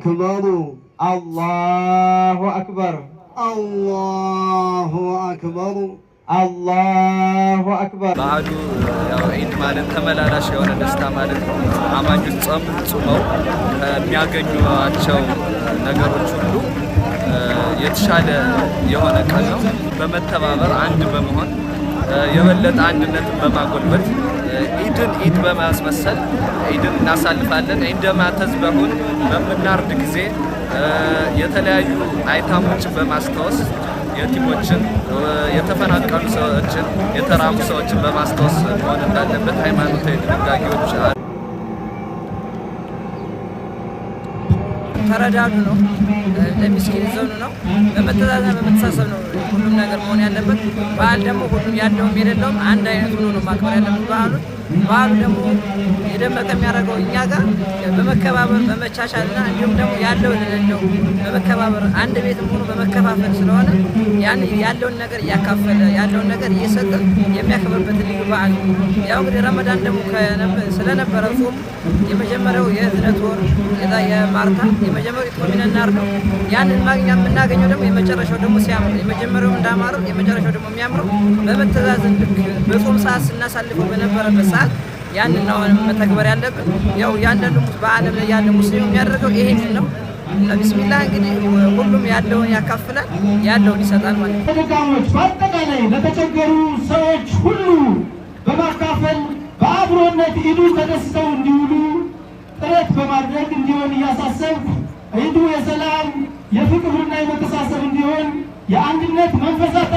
አክበሩ አላሁ አክበር አላሁ አክበሩ አላሁ አክበር። በዓሉ ያው ኢድ ማለት ተመላላሽ የሆነ ደስታ ማለት ነው። አማኞች ጾም ጾመው ከሚያገኟቸው ነገሮች ሁሉ የተሻለ የሆነ ቀን ነው። በመተባበር አንድ በመሆን የበለጠ አንድነትን በማጎልበት ኢድን ኢድ በማስመሰል ኢድን እናሳልፋለን። ኢንደማ ተዝበሁን በምናርድ ጊዜ የተለያዩ አይታሞችን በማስታወስ የቲሞችን፣ የተፈናቀሉ ሰዎችን፣ የተራሙ ሰዎችን በማስታወስ መሆን እንዳለበት ሃይማኖታዊ ድንጋጌዎች ተረዳዱ ነው፣ ለሚስኪን ዘኑ ነው፣ በመተዛዘን በመተሳሰብ ነው ሁሉም ነገር መሆን ያለበት። በዓል ደግሞ ሁሉም ያለውም የሌለውም አንድ አይነት ሆኖ ነው ማክበር ያለበት በዓሉን በዓሉ ደግሞ የደመቀ የሚያደርገው እኛ ጋር በመከባበር በመቻቻል እንዲሁም ደግሞ ያለው ለሌለው በመከባበር አንድ ቤት ሆኖ በመከፋፈል ስለሆነ ያለውን ነገር እያካፈለ ያለውን ነገር እየሰጠ የሚያከብርበት ልዩ በዓል ያው እንግዲህ ረመዳን ደግሞ ስለነበረ ጾም የመጀመሪያው የእዝነት ወር የማርታ የመጀመሪያው ኢትዮጵሚነናር ነው። ያንን ማግኛ የምናገኘው ደግሞ የመጨረሻው ደግሞ ሲያምር የመጀመሪያው እንዳማረው የመጨረሻው ደግሞ የሚያምረው በመተዛዘን ልክ በጾም ሰዓት ስናሳልፈው በነበረበት ተናግረናል። ያንን ነው መተግበር ያለብን። ያው ያንዳንዱ በዓለም ላይ ያለ ሙስሊም የሚያደርገው ይሄን ነው። ቢስሚላህ እንግዲህ ሁሉም ያለውን ያካፍላል፣ ያለውን ይሰጣል ማለት ነው። ተደጋሞች በአጠቃላይ ለተቸገሩ ሰዎች ሁሉ በማካፈል በአብሮነት ኢዱ ተደስተው እንዲውሉ ጥረት በማድረግ እንዲሆን እያሳሰብ ኢዱ የሰላም የፍቅርና የመተሳሰብ እንዲሆን የአንድነት መንፈሳት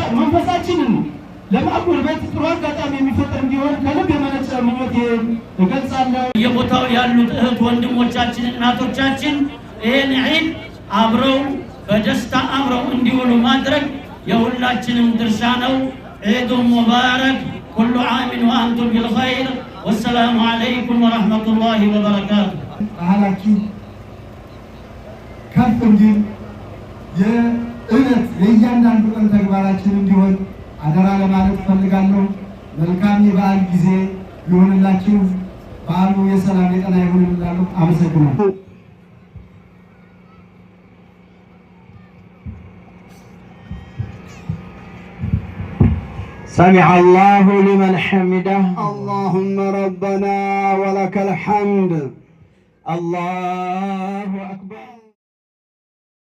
ለማጉልበት ጥሩ አጋጣሚ የሚፈጥር እንዲሆን ከልብ የመነጨ ምኞት እገልጻለሁ። የቦታው ያሉት እህት ወንድሞቻችን፣ እናቶቻችን ይህን ዒድ አብረው በደስታ አብረው እንዲውሉ ማድረግ የሁላችንም ድርሻ ነው። ዒዱ ሙባረክ። ኩሉ ዓሚን ወአንቱም ቢልኸይር። ወሰላሙ ዓለይኩም ወረሕመቱላሂ ወበረካቱ። ባህላችሁ ከፍ እንዲል የእነት የእያንዳንዱ ቀን ተግባራችን እንዲሆን አደራ ለማለት እፈልጋለሁ። መልካም የበዓል ጊዜ ይሆንላችሁ። በዓሉ የሰላም የጤና ይሁን እላለሁ። አመሰግናለሁ። ሰሚዐ አላሁ ሊመን ሐሚደህ አላሁመ ረበና ወለከል ሐምድ አላሁ አክበር